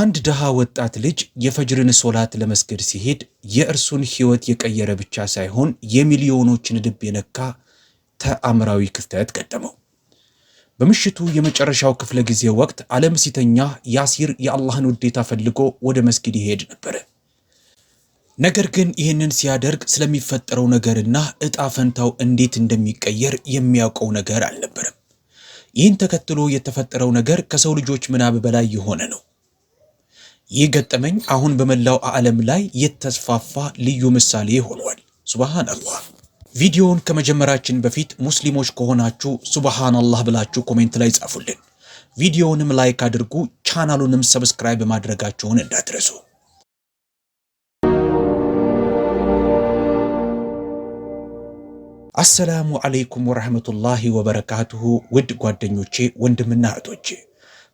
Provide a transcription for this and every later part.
አንድ ድሃ ወጣት ልጅ የፈጅርን ሶላት ለመስገድ ሲሄድ የእርሱን ሕይወት የቀየረ ብቻ ሳይሆን የሚሊዮኖችን ልብ የነካ ተአምራዊ ክስተት ገጠመው። በምሽቱ የመጨረሻው ክፍለ ጊዜ ወቅት ዓለም ሲተኛ ያሲር የአላህን ውዴታ ፈልጎ ወደ መስጊድ ይሄድ ነበረ። ነገር ግን ይህንን ሲያደርግ ስለሚፈጠረው ነገርና እጣ ፈንታው እንዴት እንደሚቀየር የሚያውቀው ነገር አልነበረም። ይህን ተከትሎ የተፈጠረው ነገር ከሰው ልጆች ምናብ በላይ የሆነ ነው። ይህ ገጠመኝ አሁን በመላው ዓለም ላይ የተስፋፋ ልዩ ምሳሌ ሆኗል። ሱብሃነላህ። ቪዲዮውን ከመጀመራችን በፊት ሙስሊሞች ከሆናችሁ ሱብሃነላህ ብላችሁ ኮሜንት ላይ ጻፉልን። ቪዲዮውንም ላይክ አድርጉ፣ ቻናሉንም ሰብስክራይብ ማድረጋችሁን እንዳትረሱ። አሰላሙ ዓለይኩም ወረሕመቱላሂ ወበረካቱሁ። ውድ ጓደኞቼ፣ ወንድምና እህቶቼ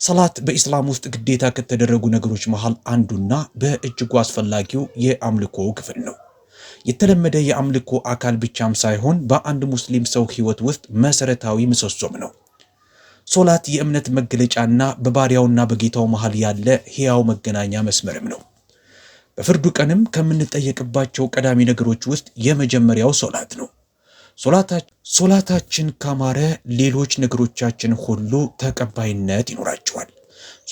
ሰላት በኢስላም ውስጥ ግዴታ ከተደረጉ ነገሮች መሃል አንዱና በእጅጉ አስፈላጊው የአምልኮ ክፍል ነው። የተለመደ የአምልኮ አካል ብቻም ሳይሆን በአንድ ሙስሊም ሰው ሕይወት ውስጥ መሰረታዊ ምሰሶም ነው። ሶላት የእምነት መገለጫና በባሪያውና በጌታው መሃል ያለ ሕያው መገናኛ መስመርም ነው። በፍርዱ ቀንም ከምንጠየቅባቸው ቀዳሚ ነገሮች ውስጥ የመጀመሪያው ሶላት ነው። ሶላታችን ካማረ ሌሎች ነገሮቻችን ሁሉ ተቀባይነት ይኖራቸዋል።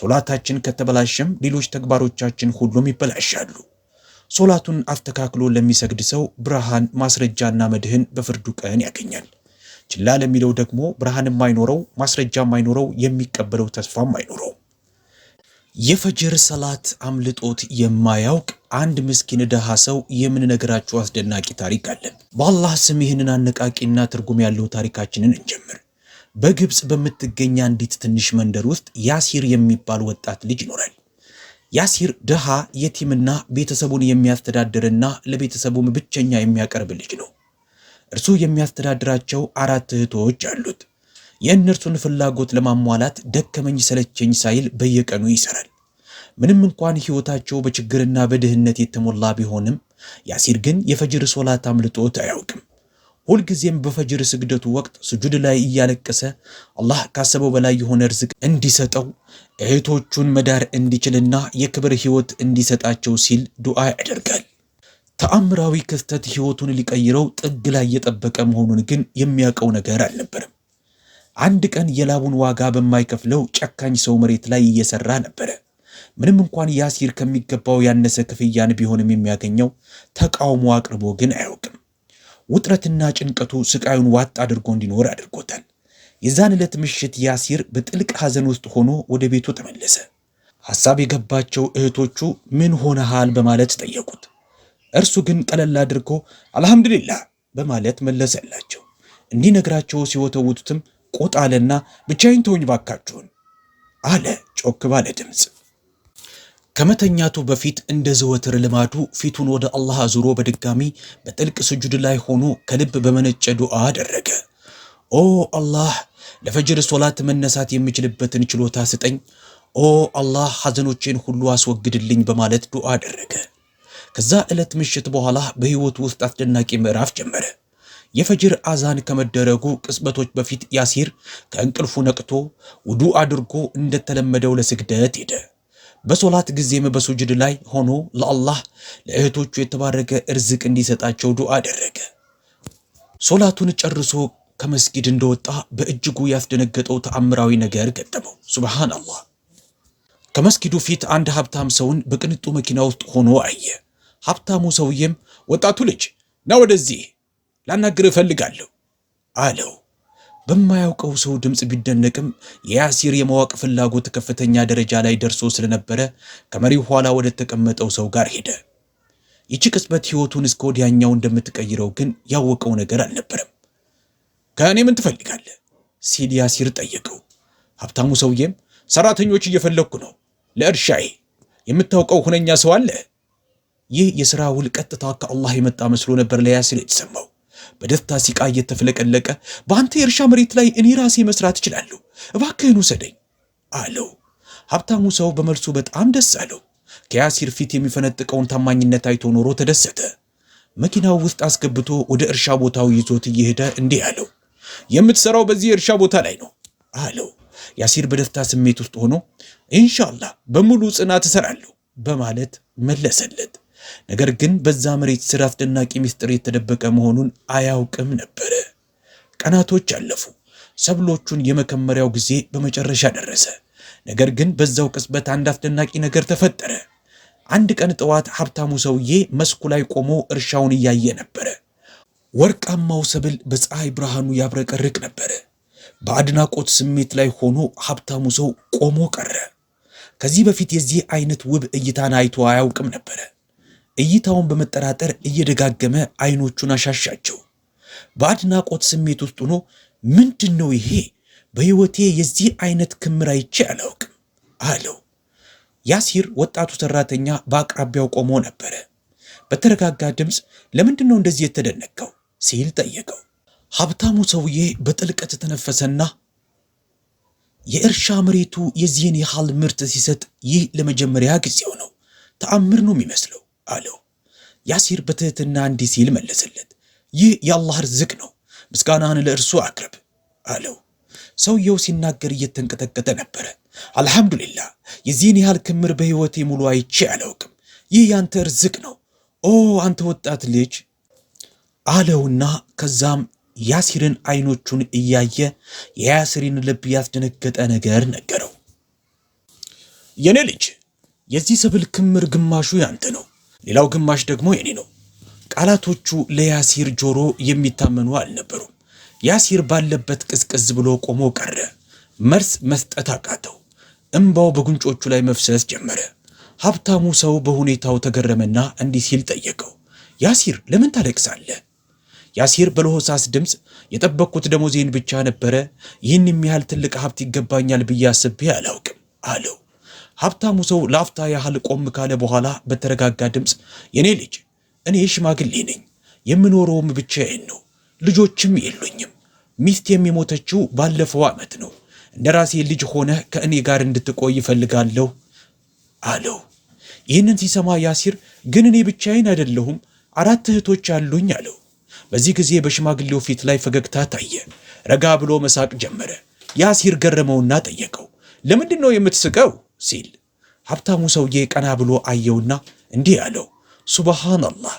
ሶላታችን ከተበላሸም ሌሎች ተግባሮቻችን ሁሉም ይበላሻሉ። ሶላቱን አስተካክሎ ለሚሰግድ ሰው ብርሃን ማስረጃና መድህን በፍርዱ ቀን ያገኛል። ችላ ለሚለው ደግሞ ብርሃን የማይኖረው ማስረጃ የማይኖረው የሚቀበለው ተስፋም አይኖረው። የፈጀር ሰላት አምልጦት የማያውቅ አንድ ምስኪን ድሃ ሰው የምንነግራችሁ አስደናቂ ታሪክ አለን። በአላህ ስም ይህንን አነቃቂና ትርጉም ያለው ታሪካችንን እንጀምር። በግብፅ በምትገኝ አንዲት ትንሽ መንደር ውስጥ ያሲር የሚባል ወጣት ልጅ ይኖራል። ያሲር ድሃ የቲምና ቤተሰቡን የሚያስተዳድርና ለቤተሰቡም ብቸኛ የሚያቀርብ ልጅ ነው። እርሱ የሚያስተዳድራቸው አራት እህቶች አሉት። የእነርሱን ፍላጎት ለማሟላት ደከመኝ ሰለቸኝ ሳይል በየቀኑ ይሰራል። ምንም እንኳን ሕይወታቸው በችግርና በድህነት የተሞላ ቢሆንም ያሲር ግን የፈጅር ሶላት አምልጦት አያውቅም። ሁልጊዜም በፈጅር ስግደቱ ወቅት ስጁድ ላይ እያለቀሰ አላህ ካሰበው በላይ የሆነ ርዝቅ እንዲሰጠው እህቶቹን መዳር እንዲችልና የክብር ሕይወት እንዲሰጣቸው ሲል ዱዓ ያደርጋል። ተአምራዊ ክስተት ሕይወቱን ሊቀይረው ጥግ ላይ የጠበቀ መሆኑን ግን የሚያውቀው ነገር አልነበርም። አንድ ቀን የላቡን ዋጋ በማይከፍለው ጨካኝ ሰው መሬት ላይ እየሰራ ነበረ። ምንም እንኳን ያሲር ከሚገባው ያነሰ ክፍያን ቢሆንም የሚያገኘው ተቃውሞ አቅርቦ ግን አያውቅም። ውጥረትና ጭንቀቱ ስቃዩን ዋጥ አድርጎ እንዲኖር አድርጎታል። የዛን ዕለት ምሽት ያሲር በጥልቅ ሐዘን ውስጥ ሆኖ ወደ ቤቱ ተመለሰ። ሐሳብ የገባቸው እህቶቹ ምን ሆነሃል በማለት ጠየቁት። እርሱ ግን ቀለል አድርጎ አልሐምዱሊላህ በማለት መለሰላቸው። እንዲነግራቸው ሲወተውቱትም ቆጥ አለና ብቻዬን ተውኝ ባካችሁን አለ ጮክ ባለ ድምፅ። ከመተኛቱ በፊት እንደ ዘወትር ልማዱ ፊቱን ወደ አላህ አዙሮ በድጋሚ በጥልቅ ስጁድ ላይ ሆኖ ከልብ በመነጨ ዱዓ አደረገ። ኦ አላህ ለፈጅር ሶላት መነሳት የምችልበትን ችሎታ ስጠኝ፣ ኦ አላህ ሐዘኖቼን ሁሉ አስወግድልኝ በማለት ዱዓ አደረገ። ከዛ ዕለት ምሽት በኋላ በሕይወቱ ውስጥ አስደናቂ ምዕራፍ ጀመረ። የፈጅር አዛን ከመደረጉ ቅጽበቶች በፊት ያሲር ከእንቅልፉ ነቅቶ ውዱ አድርጎ እንደተለመደው ለስግደት ሄደ። በሶላት ጊዜም በሱጅድ ላይ ሆኖ ለአላህ ለእህቶቹ የተባረከ እርዝቅ እንዲሰጣቸው ዱዓ አደረገ። ሶላቱን ጨርሶ ከመስጊድ እንደወጣ በእጅጉ ያስደነገጠው ተአምራዊ ነገር ገጠመው። ሱብሃንአላህ። ከመስጊዱ ፊት አንድ ሀብታም ሰውን በቅንጡ መኪና ውስጥ ሆኖ አየ። ሀብታሙ ሰውዬም ወጣቱ ልጅ ና ወደዚህ ላናግርህ እፈልጋለሁ አለው። በማያውቀው ሰው ድምፅ ቢደነቅም የያሲር የማወቅ ፍላጎት ከፍተኛ ደረጃ ላይ ደርሶ ስለነበረ ከመሪው ኋላ ወደ ተቀመጠው ሰው ጋር ሄደ። ይቺ ቅጽበት ሕይወቱን እስከ ወዲያኛው እንደምትቀይረው ግን ያወቀው ነገር አልነበረም። ከእኔ ምን ትፈልጋለህ? ሲል ያሲር ጠየቀው። ሀብታሙ ሰውዬም ሰራተኞች እየፈለግኩ ነው ለእርሻዬ። የምታውቀው ሁነኛ ሰው አለ? ይህ የሥራ ውል ቀጥታ ከአላህ የመጣ መስሎ ነበር ለያሲር የተሰማው። በደስታ ሲቃ እየተፍለቀለቀ በአንተ የእርሻ መሬት ላይ እኔ ራሴ መስራት እችላለሁ፣ እባክህን ውሰደኝ አለው። ሀብታሙ ሰው በመልሱ በጣም ደስ አለው። ከያሲር ፊት የሚፈነጥቀውን ታማኝነት አይቶ ኖሮ ተደሰተ። መኪናው ውስጥ አስገብቶ ወደ እርሻ ቦታው ይዞት እየሄደ እንዲህ አለው፣ የምትሰራው በዚህ የእርሻ ቦታ ላይ ነው አለው። ያሲር በደስታ ስሜት ውስጥ ሆኖ ኢንሻአላህ በሙሉ ጽናት እሰራለሁ በማለት መለሰለት። ነገር ግን በዛ መሬት ስር አስደናቂ ምስጢር የተደበቀ መሆኑን አያውቅም ነበረ። ቀናቶች አለፉ። ሰብሎቹን የመከመሪያው ጊዜ በመጨረሻ ደረሰ። ነገር ግን በዛው ቅጽበት አንድ አስደናቂ ነገር ተፈጠረ። አንድ ቀን ጠዋት ሀብታሙ ሰውዬ መስኩ ላይ ቆሞ እርሻውን እያየ ነበረ። ወርቃማው ሰብል በፀሐይ ብርሃኑ ያብረቀርቅ ነበረ። በአድናቆት ስሜት ላይ ሆኖ ሀብታሙ ሰው ቆሞ ቀረ። ከዚህ በፊት የዚህ አይነት ውብ እይታን አይቶ አያውቅም ነበረ። እይታውን በመጠራጠር እየደጋገመ አይኖቹን አሻሻቸው። በአድናቆት ስሜት ውስጥ ሆኖ ምንድን ነው ይሄ? በሕይወቴ የዚህ አይነት ክምር አይቼ አላውቅም አለው። ያሲር ወጣቱ ሰራተኛ በአቅራቢያው ቆሞ ነበረ። በተረጋጋ ድምፅ ለምንድን ነው እንደዚህ የተደነቀው ሲል ጠየቀው። ሀብታሙ ሰውዬ በጥልቀት ተነፈሰና የእርሻ መሬቱ የዚህን ያህል ምርት ሲሰጥ ይህ ለመጀመሪያ ጊዜው ነው። ተአምር ነው የሚመስለው አለው። ያሲር በትህትና እንዲህ ሲል መለሰለት፣ ይህ የአላህ ርዝቅ ነው፣ ምስጋናህን ለእርሱ አቅርብ አለው። ሰውየው ሲናገር እየተንቀጠቀጠ ነበረ። አልሐምዱሊላህ የዚህን ያህል ክምር በሕይወቴ ሙሉ አይቼ አላውቅም። ይህ ያንተ ርዝቅ ነው፣ ኦ አንተ ወጣት ልጅ አለውና ከዛም ያሲርን አይኖቹን እያየ የያሲርን ልብ ያስደነገጠ ነገር ነገረው። የኔ ልጅ የዚህ ሰብል ክምር ግማሹ ያንተ ነው ሌላው ግማሽ ደግሞ የኔ ነው። ቃላቶቹ ለያሲር ጆሮ የሚታመኑ አልነበሩም። ያሲር ባለበት ቅዝቅዝ ብሎ ቆሞ ቀረ። መልስ መስጠት አቃተው። እምባው በጉንጮቹ ላይ መፍሰስ ጀመረ። ሀብታሙ ሰው በሁኔታው ተገረመና እንዲህ ሲል ጠየቀው፣ ያሲር ለምን ታለቅሳለህ? ያሲር በለሆሳስ ድምፅ የጠበቅኩት ደሞዜን ብቻ ነበረ። ይህን የሚያህል ትልቅ ሀብት ይገባኛል ብዬ አስቤ አላውቅም አለው። ሀብታሙ ሰው ለአፍታ ያህል ቆም ካለ በኋላ በተረጋጋ ድምፅ የኔ ልጅ እኔ ሽማግሌ ነኝ፣ የምኖረውም ብቻዬን ነው፣ ልጆችም የሉኝም። ሚስት የሚሞተችው ባለፈው ዓመት ነው። እንደ ራሴ ልጅ ሆነ ከእኔ ጋር እንድትቆይ ይፈልጋለሁ አለው። ይህንን ሲሰማ ያሲር ግን እኔ ብቻዬን አይደለሁም፣ አራት እህቶች አሉኝ አለው። በዚህ ጊዜ በሽማግሌው ፊት ላይ ፈገግታ ታየ። ረጋ ብሎ መሳቅ ጀመረ። ያሲር ገረመውና ጠየቀው፣ ለምንድን ነው የምትስቀው? ሲል ሀብታሙ ሰውዬ ቀና ብሎ አየውና እንዲህ አለው፣ ሱብሃነላህ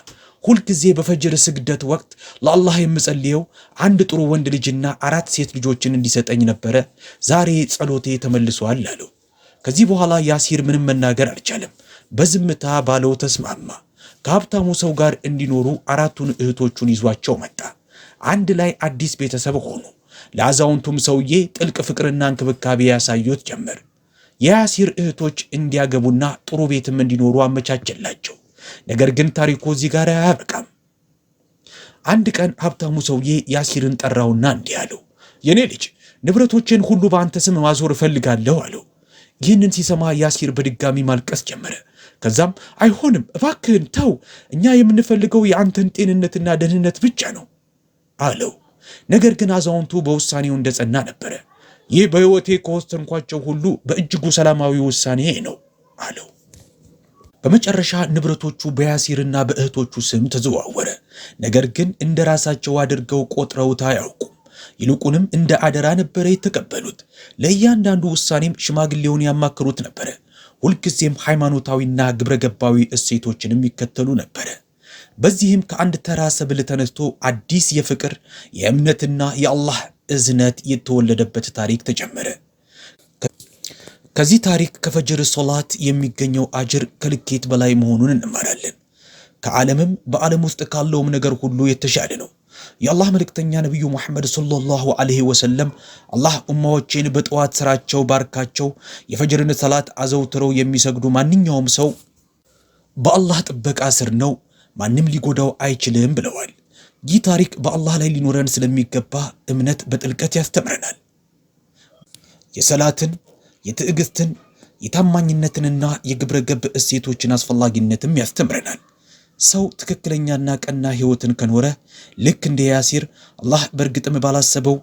ሁልጊዜ በፈጅር ስግደት ወቅት ለአላህ የምጸልየው አንድ ጥሩ ወንድ ልጅና አራት ሴት ልጆችን እንዲሰጠኝ ነበረ። ዛሬ ጸሎቴ ተመልሷል አለው። ከዚህ በኋላ ያሲር ምንም መናገር አልቻለም። በዝምታ ባለው ተስማማ። ከሀብታሙ ሰው ጋር እንዲኖሩ አራቱን እህቶቹን ይዟቸው መጣ። አንድ ላይ አዲስ ቤተሰብ ሆኑ። ለአዛውንቱም ሰውዬ ጥልቅ ፍቅርና እንክብካቤ ያሳዩት ጀመር። የያሲር እህቶች እንዲያገቡና ጥሩ ቤትም እንዲኖሩ አመቻቸላቸው። ነገር ግን ታሪኩ እዚህ ጋር አያበቃም። አንድ ቀን ሀብታሙ ሰውዬ ያሲርን ጠራውና እንዲህ አለው፣ የኔ ልጅ ንብረቶችን ሁሉ በአንተ ስም ማዞር እፈልጋለሁ አለው። ይህንን ሲሰማ ያሲር በድጋሚ ማልቀስ ጀመረ። ከዛም አይሆንም፣ እባክህን ተው፣ እኛ የምንፈልገው የአንተን ጤንነትና ደህንነት ብቻ ነው አለው። ነገር ግን አዛውንቱ በውሳኔው እንደጸና ነበረ። ይህ በሕይወቴ ከወሰንኳቸው ሁሉ በእጅጉ ሰላማዊ ውሳኔ ነው አለው። በመጨረሻ ንብረቶቹ በያሲርና በእህቶቹ ስም ተዘዋወረ። ነገር ግን እንደ ራሳቸው አድርገው ቆጥረውት አያውቁም። ይልቁንም እንደ አደራ ነበረ የተቀበሉት። ለእያንዳንዱ ውሳኔም ሽማግሌውን ያማክሩት ነበረ። ሁልጊዜም ሃይማኖታዊና ግብረገባዊ እሴቶችንም ይከተሉ ነበረ። በዚህም ከአንድ ተራ ሰብል ተነስቶ አዲስ የፍቅር የእምነትና የአላህ እዝነት የተወለደበት ታሪክ ተጀመረ። ከዚህ ታሪክ ከፈጅር ሶላት የሚገኘው አጅር ከልኬት በላይ መሆኑን እንማራለን። ከዓለምም በዓለም ውስጥ ካለውም ነገር ሁሉ የተሻለ ነው። የአላህ መልእክተኛ ነቢዩ ሙሐመድ ሰለላሁ ዐለይሂ ወሰለም አላህ ኡማዎችን በጠዋት ስራቸው ባርካቸው የፈጅርን ሰላት አዘውትረው የሚሰግዱ ማንኛውም ሰው በአላህ ጥበቃ ስር ነው፣ ማንም ሊጎዳው አይችልም ብለዋል። ይህ ታሪክ በአላህ ላይ ሊኖረን ስለሚገባ እምነት በጥልቀት ያስተምረናል። የሰላትን፣ የትዕግስትን፣ የታማኝነትንና የግብረ ገብ እሴቶችን አስፈላጊነትም ያስተምረናል። ሰው ትክክለኛና ቀና ሕይወትን ከኖረ ልክ እንደ ያሲር አላህ በእርግጥም ባላሰበው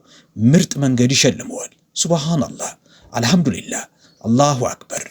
ምርጥ መንገድ ይሸልመዋል። ሱብሃን አላህ፣ አልሐምዱሊላህ፣ አላሁ አክበር።